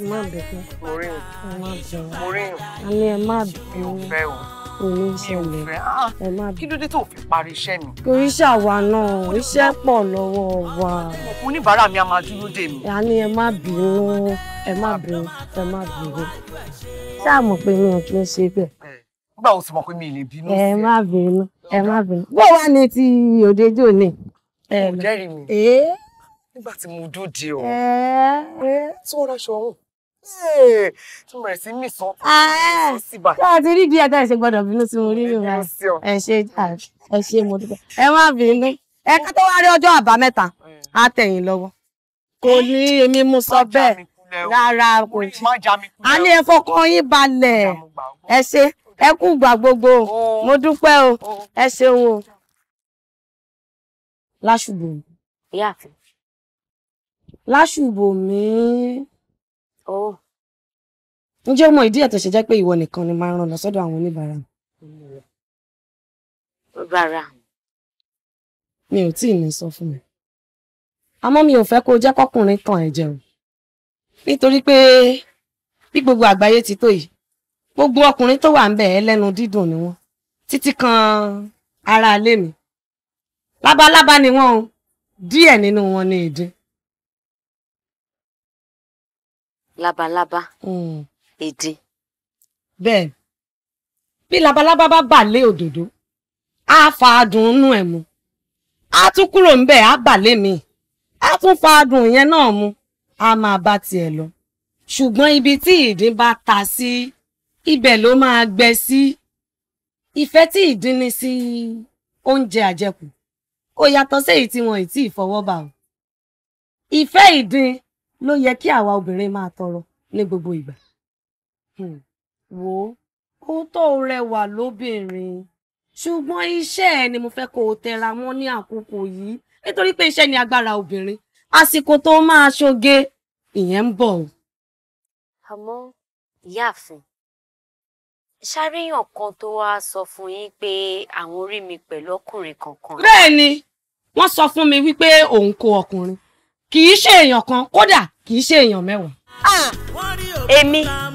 má bínú. mo rí o mo rí o. a ní ẹ má bínú. mi ò fẹ́ o òun ṣẹlẹ̀ ah, ẹ má bí. kí ló dé tó fi parí iṣẹ́ mi. torí ṣàwa náà iṣẹ́ pọ̀ lọ́wọ́ wa. oníbàárà mi a máa dúró dè mí. a ní ẹ má bínú ẹ má bínú ẹ má bínú. ṣáà mọ̀ pé mi ò kí ń ṣe bẹ́ẹ̀. nígbà wo ti mọ̀ pé mi ì lè bínú. ẹ má bínú ẹ má bínú. bó wàá ní ti òde jò ní. ẹ jẹ́rìí mi nígbà tí mo dóde o. tí wọ́n raṣọ ọ̀hún tí mo rẹ̀ sí mí sọ sí ah, bá. ṣé àti rí díẹ̀ táì ṣe gbọ́dọ̀ bínú sí mo rí rí wa ẹ ṣe ẹ ṣe mo dúpẹ́ ẹ má bínú ẹ ká tó wá rí ọjọ́ àbámẹ́ta á tẹ̀yìn lọ́wọ́ kò ní èmi mú sọ bẹ́ẹ̀ rárá kò jí a ní ẹ fọkàn yín balẹ̀ ẹ ṣe ẹ kú gbà gbogbo mo dúpẹ́ o ẹ ṣeun o. láṣùbò mi láṣùbò mi. Oh. ǹjẹ́ o mọ ìdí ẹ̀ tó ṣe jẹ́ pé ìwọ nìkan ni máa ń ràn lọ sọ́dọ̀ àwọn oníbàárà mi. rárá. mi ò tíì ní sọ fún mi àmọ́ mi ò fẹ́ kó jẹ́ kọ́kùnrin tàn ẹ̀ jẹun nítorí pé bí gbogbo àgbáyé ti tó yìí gbogbo ọkùnrin tó wà ń bẹ̀ ẹlẹ́nu dídùn ni wọ́n títí kan ara ilé mi lábalábá ni wọ́n o díẹ̀ nínú wọn ni èdè. Labalaba, èdè. Mm. bẹ́ẹ̀ bí labalábá bá bà lé òdòdó á fa adùn inú ẹ̀ mu á tún kúrò ńbẹ̀ á bà lé mi á tún fa adùn yẹn náà mu á máa bá tiẹ̀ lọ ṣùgbọ́n ibi tí ìdin bá ta sí ibẹ̀ ló máa gbẹ sí ìfẹ́ tí ìdin ní sí oúnjẹ àjẹkù kò yàtọ̀ sí èyí tí wọn ì tí ì fọwọ́ bà o ìfẹ́ ìdin ló yẹ kí àwa obìnrin máa tọrọ ní gbogbo ìgbà. Hmm. wò ó tó rẹwà lóbìnrin ṣùgbọ́n iṣẹ́ ẹ ni mo fẹ́ kó o tẹra mọ́ ní àkókò yìí nítorí pé iṣẹ́ ni agbára obìnrin àsìkò tó máa ṣoge ìyẹn ń bọ̀ o. àmọ́ ìyáàfin ṣàríyàn kan tó wá sọ fún yín pé àwọn orí mi pẹ̀lú ọkùnrin kankan. bẹ́ẹ̀ ni wọ́n sọ fún mi wípé òun kó ọkùnrin kì í ṣe èèyàn kan kódà kì í ṣe èèyàn mẹ́wàá. Ah, èmi